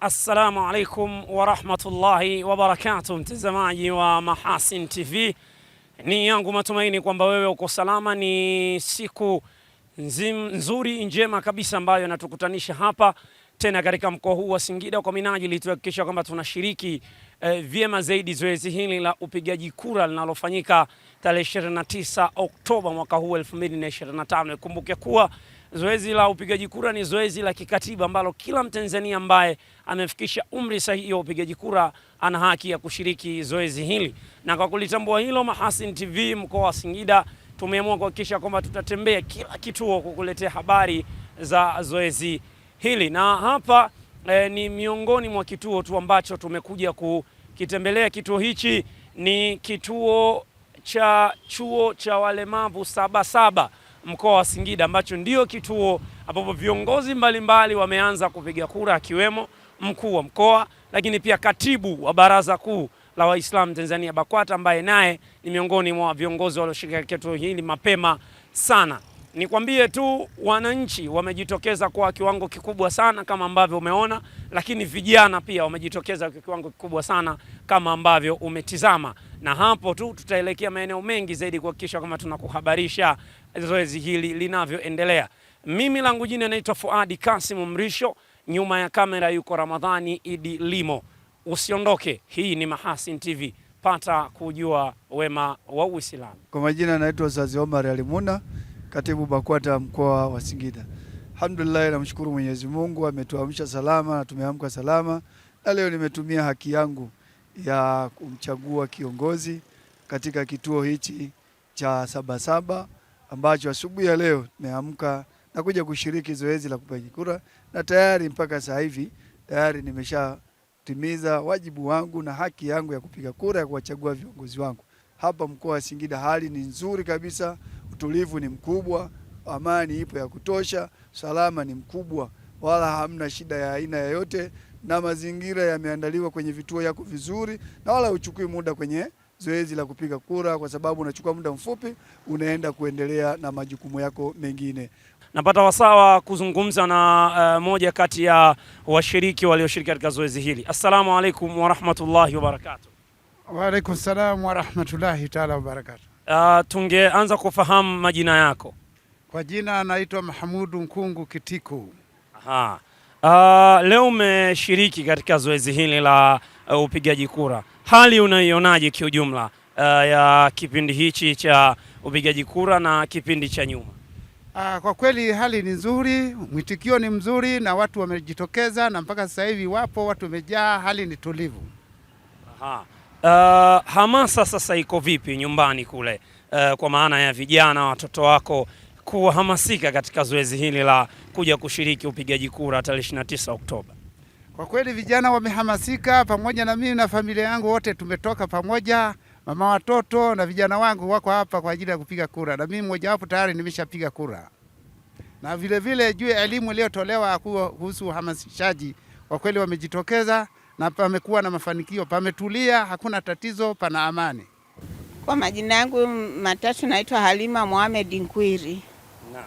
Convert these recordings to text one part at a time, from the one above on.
Assalamu alaikum warahmatullahi wabarakatu mtazamaji wa Mahasin TV, ni yangu matumaini kwamba wewe uko salama. Ni siku nzim, nzuri njema kabisa ambayo inatukutanisha hapa tena katika mkoa huu wa Singida kwa minajili tuhakikisha kwamba tunashiriki eh, vyema zaidi zoezi hili la upigaji kura linalofanyika tarehe 29 Oktoba mwaka huu 2025. Ikumbuke kuwa Zoezi la upigaji kura ni zoezi la kikatiba ambalo kila Mtanzania ambaye amefikisha umri sahihi wa upigaji kura ana haki ya kushiriki zoezi hili, na kwa kulitambua hilo, Mahasin TV mkoa wa Singida tumeamua kuhakikisha kwamba tutatembea kila kituo kukuletea habari za zoezi hili, na hapa eh, ni miongoni mwa kituo tu ambacho tumekuja kukitembelea. Kituo hichi ni kituo cha chuo cha walemavu Sabasaba mkoa wa Singida ambacho ndio kituo ambapo viongozi mbalimbali wameanza kupiga kura akiwemo mkuu wa mkoa, lakini pia katibu wa baraza kuu la Waislamu Tanzania BAKWATA ambaye naye ni miongoni mwa viongozi walioshiriki kituo hili mapema sana. Nikwambie tu wananchi wamejitokeza kwa kiwango kikubwa sana kama ambavyo umeona, lakini vijana pia wamejitokeza kwa kiwango kikubwa sana kama ambavyo umetizama, na hapo tu tutaelekea maeneo mengi zaidi kuhakikisha kama tunakuhabarisha zoezi hili linavyoendelea. Mimi langu jina naitwa Fuadi Kasimu Mrisho, nyuma ya kamera yuko Ramadhani Idi Limo. Usiondoke, hii ni Mahasin TV, pata kujua wema wa Uislamu. Kwa majina naitwa Zazi Omar Alimuna katibu BAKWATA mkoa wa Singida. Alhamdulillah, namshukuru Mwenyezi Mungu ametuamsha salama na tumeamka salama, na leo nimetumia haki yangu ya kumchagua kiongozi katika kituo hichi cha Sabasaba ambacho asubuhi ya leo nimeamka na kuja kushiriki zoezi la kupiga kura, na tayari mpaka sasa hivi tayari nimeshatimiza wajibu wangu na haki yangu ya kupiga kura ya kuwachagua viongozi wangu hapa mkoa wa Singida hali ni nzuri kabisa, utulivu ni mkubwa, amani ipo ya kutosha, salama ni mkubwa, wala hamna shida ya aina yoyote, na mazingira yameandaliwa kwenye vituo yako vizuri, na wala uchukui muda kwenye zoezi la kupiga kura, kwa sababu unachukua muda mfupi unaenda kuendelea na majukumu yako mengine. Napata wasawa kuzungumza na uh, moja kati ya washiriki walioshiriki katika zoezi hili. Assalamu alaikum warahmatullahi wabarakatuh. Waalaikum salam warahmatullahi taala wabarakatu. Uh, ah, tungeanza kufahamu majina yako. Kwa jina anaitwa Mahamudu Nkungu Kitiku. Aha. Uh, leo umeshiriki katika zoezi hili la uh, upigaji kura, hali unaionaje kiujumla uh, ya kipindi hichi cha upigaji kura na kipindi cha nyuma? Uh, kwa kweli hali ni nzuri, mwitikio ni mzuri na watu wamejitokeza, na mpaka sasa hivi wapo watu wamejaa, hali ni tulivu. Aha. Uh, hamasa sasa iko vipi nyumbani kule? Uh, kwa maana ya vijana watoto wako kuhamasika katika zoezi hili la kuja kushiriki upigaji kura tarehe 29 Oktoba. Kwa kweli vijana wamehamasika, pamoja na mimi na familia yangu wote tumetoka pamoja, mama watoto na vijana wangu wako hapa kwa ajili ya kupiga kura, na mimi mmoja wapo tayari nimeshapiga kura. Na vile vile juu ya elimu iliyotolewa kuhusu uhamasishaji, kwa kweli wamejitokeza na pamekuwa na mafanikio, pametulia, hakuna tatizo, pana amani. Kwa majina yangu matatu naitwa Halima Mohamed Nkwiri. Naam.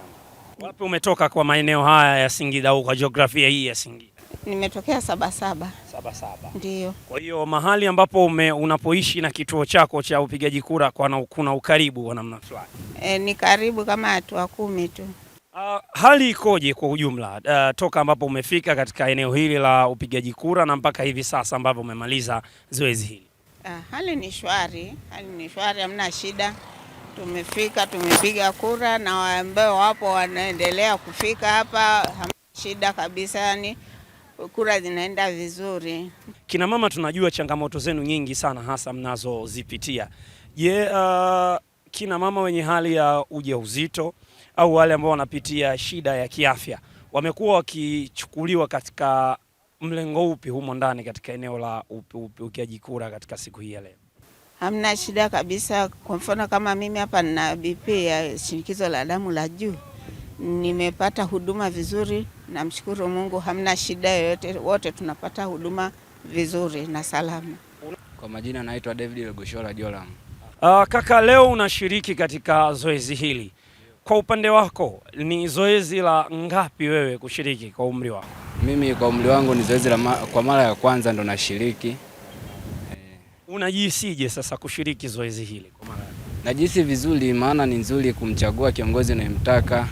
Wapi umetoka kwa maeneo haya ya Singida au kwa jiografia hii ya Singida? Nimetokea Sabasaba. saba. Ndio. Kwa hiyo mahali ambapo ume, unapoishi na kituo chako cha upigaji kura kuna ukaribu wa namna fulani? E, ni karibu kama hatua kumi tu. Uh, hali ikoje kwa ujumla uh, toka ambapo umefika katika eneo hili la upigaji kura na mpaka hivi sasa ambapo umemaliza zoezi hili? Uh, hali ni shwari, hali ni shwari, hamna shida. Tumefika, tumepiga kura na ambao wapo wanaendelea kufika hapa, hamna shida kabisa, yani kura zinaenda vizuri. Kina mama, tunajua changamoto zenu nyingi sana hasa mnazozipitia. Je, yeah, uh, kina mama wenye hali ya ujauzito au wale ambao wanapitia shida ya kiafya wamekuwa wakichukuliwa katika mlengo upi humo ndani katika eneo la upigaji kura katika siku hii ya leo? Hamna shida kabisa. Kwa mfano kama mimi hapa nina BP ya shinikizo la damu la juu, nimepata huduma vizuri, namshukuru Mungu, hamna shida yoyote, wote tunapata huduma vizuri na salama. Kwa majina naitwa David Legoshola Jolam. Uh, kaka, leo unashiriki katika zoezi hili, kwa upande wako ni zoezi la ngapi wewe kushiriki kwa umri wako? Mimi kwa umri wangu ni zoezi la ma, kwa mara ya kwanza ndo nashiriki. Unajisije sasa kushiriki zoezi hili kwa mara? Najisi vizuri, maana ni nzuri kumchagua kiongozi unayemtaka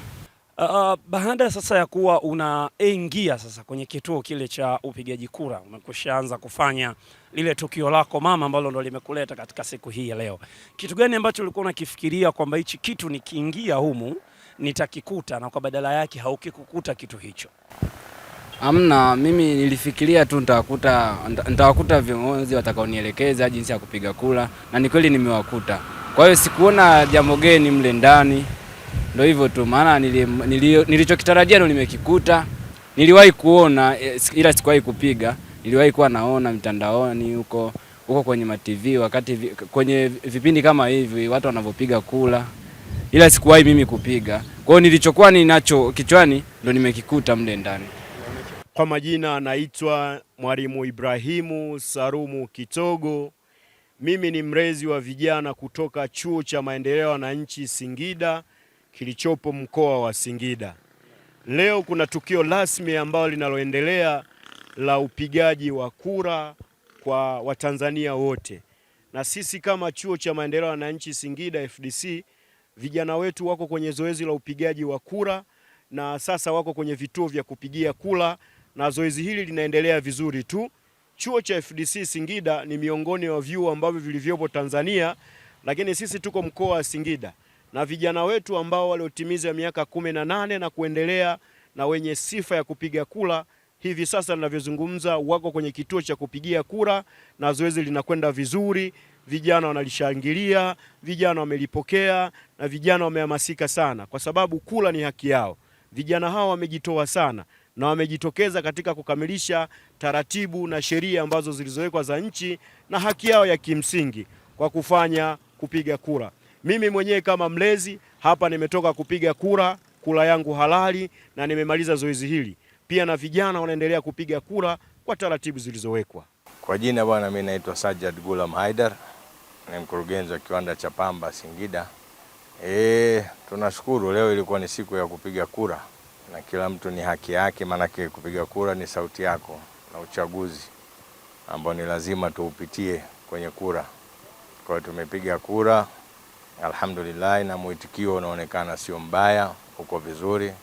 Uh, uh baada sasa ya kuwa unaingia sasa kwenye kituo kile cha upigaji kura, umekushaanza kufanya lile tukio lako mama ambalo ndo limekuleta katika siku hii ya leo, kitu gani ambacho ulikuwa unakifikiria kwamba hichi kitu nikiingia humu nitakikuta, na kwa badala yake haukikukuta kitu hicho? Amna, mimi nilifikiria tu nitawakuta nitawakuta viongozi watakaonielekeza jinsi ya kupiga kura, na ni kweli nimewakuta. Kwa hiyo sikuona jambo geni mle ndani. Ndio hivyo tu, maana nilichokitarajia ndio nimekikuta. Niliwahi kuona eh, ila sikuwahi kupiga. Niliwahi kuwa naona mtandaoni huko huko kwenye matv wakati vi, kwenye vipindi kama hivi watu wanavyopiga kula, ila sikuwahi mimi kupiga. Kwa hiyo nilichokuwa ninacho kichwani ndo nimekikuta mle ndani. Kwa majina anaitwa Mwalimu Ibrahimu Salumu Kitogo. Mimi ni mrezi wa vijana kutoka Chuo cha Maendeleo ya Wananchi Singida kilichopo mkoa wa Singida. Leo kuna tukio rasmi ambalo linaloendelea la upigaji wa kura kwa Watanzania wote, na sisi kama Chuo cha Maendeleo ya Wananchi Singida FDC, vijana wetu wako kwenye zoezi la upigaji wa kura na sasa wako kwenye vituo vya kupigia kura na zoezi hili linaendelea vizuri tu. Chuo cha FDC Singida ni miongoni wa vyuo ambavyo vilivyopo Tanzania, lakini sisi tuko mkoa wa Singida na vijana wetu ambao waliotimiza miaka kumi na nane na kuendelea na wenye sifa ya kupiga kura hivi sasa ninavyozungumza wako kwenye kituo cha kupigia kura na zoezi linakwenda vizuri. Vijana wanalishangilia, vijana wamelipokea na vijana wamehamasika sana, kwa sababu kura ni haki yao. Vijana hao wamejitoa sana na wamejitokeza katika kukamilisha taratibu na sheria ambazo zilizowekwa za nchi na haki yao ya kimsingi kwa kufanya kupiga kura. Mimi mwenyewe kama mlezi hapa nimetoka kupiga kura, kura yangu halali, na nimemaliza zoezi hili pia, na vijana wanaendelea kupiga kura kwa taratibu zilizowekwa. Kwa jina bwana, mimi naitwa Sajad Gulam Haidar, ni mkurugenzi wa kiwanda cha pamba Singida. E, tunashukuru leo ilikuwa ni siku ya kupiga kura na kila mtu ni haki yake, maanake kupiga kura ni sauti yako, na uchaguzi ambao ni lazima tuupitie kwenye kura. Kwa hiyo tumepiga kura. Alhamdulillah, na mwitikio unaonekana sio mbaya, uko vizuri,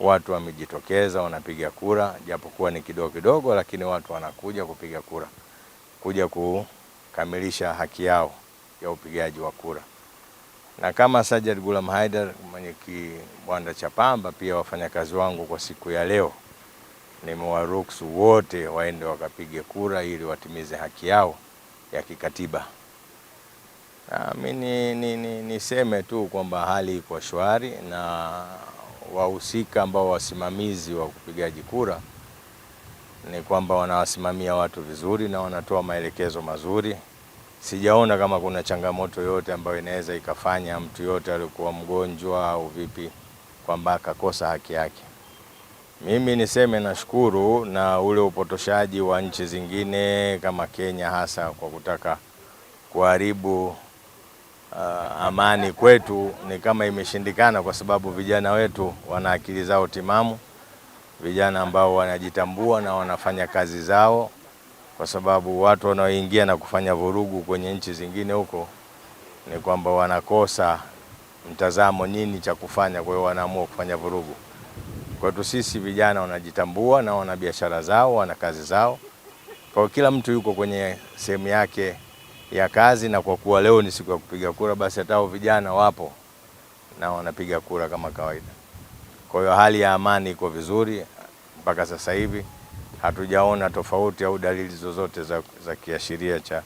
watu wamejitokeza wanapiga kura, japokuwa ni kidogo kidogo, lakini watu wanakuja kupiga kura, kuja kukamilisha haki yao ya upigaji wa kura. Na kama Sajad Gulam Haider mwenye kiwanda cha pamba, pia wafanyakazi wangu kwa siku ya leo nimewaruhusu wote waende wakapige kura ili watimize haki yao ya kikatiba. Ah, mi ni, ni, niseme tu kwamba hali iko shwari na wahusika ambao wasimamizi wa kupigaji kura ni kwamba wanawasimamia watu vizuri na wanatoa maelekezo mazuri. Sijaona kama kuna changamoto yote ambayo inaweza ikafanya mtu yote alikuwa mgonjwa au vipi kwamba akakosa haki yake. Mimi niseme nashukuru na ule upotoshaji wa nchi zingine kama Kenya hasa kwa kutaka kuharibu uh, amani kwetu ni kama imeshindikana, kwa sababu vijana wetu wana akili zao timamu, vijana ambao wanajitambua na wanafanya kazi zao, kwa sababu watu wanaoingia na kufanya vurugu kwenye nchi zingine huko ni kwamba wanakosa mtazamo nini cha kufanya, kwa hiyo wanaamua kufanya vurugu. Kwetu sisi vijana wanajitambua na wana biashara zao, wana kazi zao, kwa kila mtu yuko kwenye sehemu yake ya kazi, na kwa kuwa leo ni siku ya kupiga kura, basi hata vijana wapo na wanapiga kura kama kawaida. Kwa hiyo hali ya amani iko vizuri mpaka sasa hivi, hatujaona tofauti au dalili zozote za, za kiashiria cha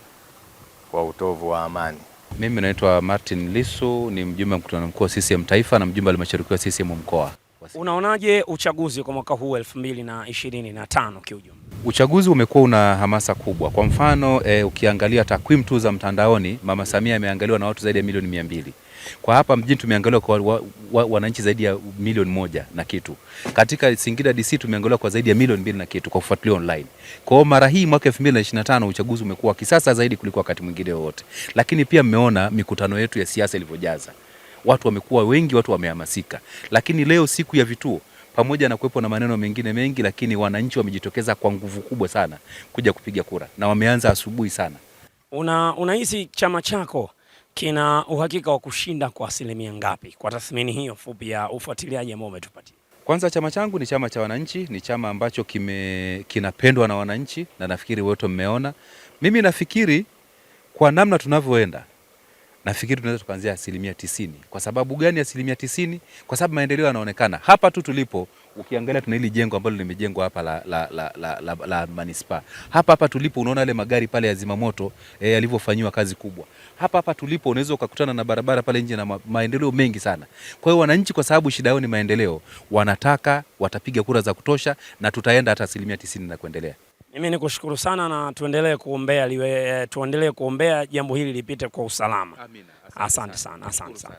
kwa utovu wa amani. Mimi naitwa Martin Lisu, ni mjumbe mkutano mkuu wa CCM Taifa na mjumbe halmashauri kuu ya CCM mkoa. Unaonaje uchaguzi kwa mwaka huu 2025 kiujumla? Uchaguzi umekuwa una hamasa kubwa. Kwa mfano e, ukiangalia takwimu tu za mtandaoni, Mama Samia ameangaliwa na watu zaidi ya milioni mia mbili. Kwa hapa mjini tumeangaliwa kwa wa, wa, wananchi zaidi ya milioni moja na kitu. Katika Singida DC tumeangaliwa kwa zaidi ya milioni mbili na kitu kwa kufuatilia online. Kwa hiyo mara hii mwaka 2025 uchaguzi umekuwa wa kisasa zaidi kuliko wakati mwingine wote. Lakini pia mmeona mikutano yetu ya siasa ilivyojaza. Watu wamekuwa wengi, watu wamehamasika. Lakini leo siku ya vituo pamoja na kuwepo na maneno mengine mengi, lakini wananchi wamejitokeza kwa nguvu kubwa sana kuja kupiga kura na wameanza asubuhi sana. Una unahisi chama chako kina uhakika wa kushinda kwa asilimia ngapi, kwa tathmini hiyo fupi ya ufuatiliaji ambao umetupatia? Kwanza, chama changu ni chama cha wananchi, ni chama ambacho kime kinapendwa na wananchi, na nafikiri wote mmeona. Mimi nafikiri kwa namna tunavyoenda nafikiri tunaweza tukaanzia asilimia tisini. Kwa sababu gani asilimia tisini? Kwa sababu maendeleo yanaonekana hapa tu tulipo. Ukiangalia tuna hili jengo ambalo limejengwa hapa la, la, la, la, la, la manispa hapa hapa tulipo, unaona yale magari pale ya zimamoto e, yalivyofanyiwa kazi kubwa. Hapa hapa tulipo unaweza ukakutana na barabara pale nje na maendeleo mengi sana. Kwa hiyo wananchi, kwa sababu shida yao ni maendeleo, wanataka watapiga kura za kutosha, na tutaenda hata asilimia tisini na kuendelea. Mimi kushukuru sana na tuendelee kuombea liwe, eh, tuendelee kuombea jambo hili lipite kwa usalama. Amina. Asante, asante sana, asante sana.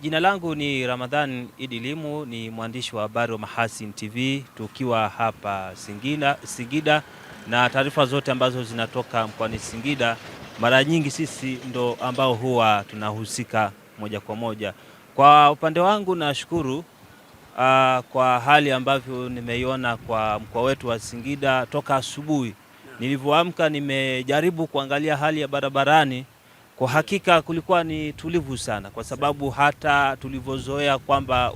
Jina langu ni Ramadhan Idi Limu, ni mwandishi wa habari wa Mahasin TV tukiwa hapa Singida, Singida na taarifa zote ambazo zinatoka mkoani Singida mara nyingi sisi ndo ambao huwa tunahusika moja kwa moja. Kwa upande wangu nashukuru uh, kwa hali ambavyo nimeiona kwa mkoa wetu wa Singida toka asubuhi nilivyoamka. Nimejaribu kuangalia hali ya barabarani, kwa hakika kulikuwa ni tulivu sana, kwa sababu hata tulivyozoea kwamba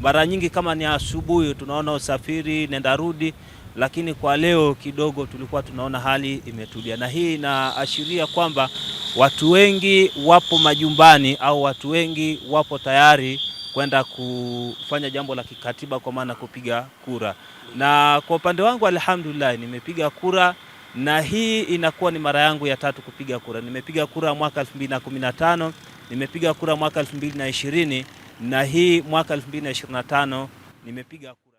mara nyingi kama ni asubuhi tunaona usafiri nenda rudi, lakini kwa leo kidogo tulikuwa tunaona hali imetulia, na hii inaashiria kwamba watu wengi wapo majumbani au watu wengi wapo tayari kwenda kufanya jambo la kikatiba kwa maana kupiga kura. Na kwa upande wangu alhamdulillah, nimepiga kura na hii inakuwa ni mara yangu ya tatu kupiga kura. Nimepiga kura mwaka 2015, nimepiga kura mwaka 2020 na hii mwaka 2025 nimepiga kura.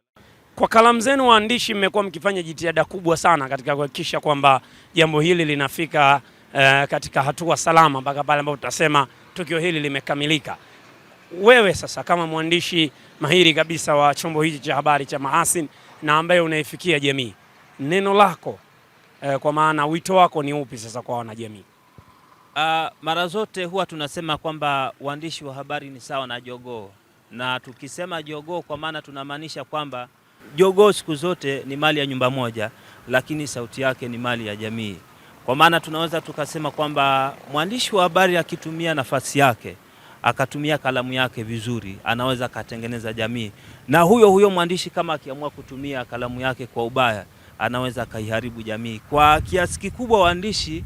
Kwa kalamu zenu waandishi, mmekuwa mkifanya jitihada kubwa sana katika kuhakikisha kwamba jambo hili linafika uh, katika hatua salama mpaka pale ambapo tutasema tukio hili limekamilika wewe sasa kama mwandishi mahiri kabisa wa chombo hiki cha habari cha Mahasin na ambaye unaifikia jamii, neno lako eh, kwa maana wito wako ni upi sasa kwa wanajamii? Uh, mara zote huwa tunasema kwamba waandishi wa habari ni sawa na jogoo, na tukisema jogoo kwa maana tunamaanisha kwamba jogoo siku zote ni mali ya nyumba moja, lakini sauti yake ni mali ya jamii. Kwa maana tunaweza tukasema kwamba mwandishi wa habari akitumia nafasi yake akatumia kalamu yake vizuri, anaweza akatengeneza jamii. Na huyo huyo mwandishi kama akiamua kutumia kalamu yake kwa ubaya, anaweza akaiharibu jamii. Kwa kiasi kikubwa, waandishi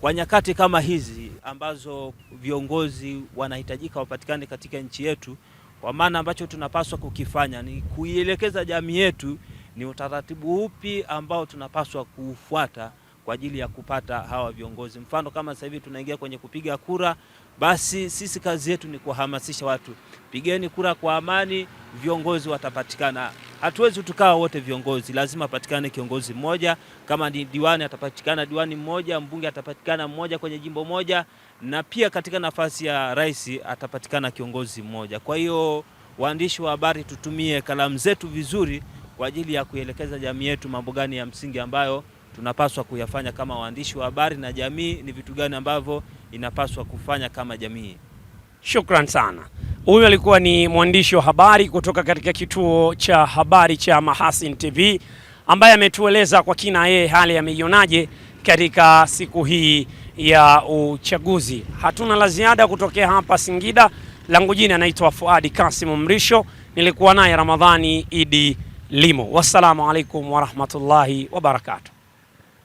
kwa nyakati kama hizi ambazo viongozi wanahitajika wapatikane katika nchi yetu, kwa maana ambacho tunapaswa kukifanya ni kuielekeza jamii yetu ni utaratibu upi ambao tunapaswa kuufuata kwa ajili ya kupata hawa viongozi. Mfano kama sasa hivi tunaingia kwenye kupiga kura, basi sisi kazi yetu ni kuhamasisha watu, pigeni kura kwa amani, viongozi watapatikana. Hatuwezi tukawa wote viongozi, lazima apatikane kiongozi mmoja. Kama ni diwani, atapatikana diwani mmoja, mbunge atapatikana mmoja kwenye jimbo moja, na pia katika nafasi ya rais atapatikana kiongozi mmoja. Kwa hiyo, waandishi wa habari, tutumie kalamu zetu vizuri kwa ajili ya kuelekeza jamii yetu mambo gani ya msingi ambayo tunapaswa kuyafanya kama waandishi wa habari, na jamii ni vitu gani ambavyo inapaswa kufanya kama jamii. Shukran sana. Huyu alikuwa ni mwandishi wa habari kutoka katika kituo cha habari cha Mahasin TV ambaye ametueleza kwa kina yeye hali ameionaje katika siku hii ya uchaguzi. Hatuna la ziada kutokea hapa Singida. Langu jina anaitwa Fuadi Kasim Mrisho, nilikuwa naye Ramadhani Idi Limo. Wassalamu alaikum warahmatullahi wabarakatuh.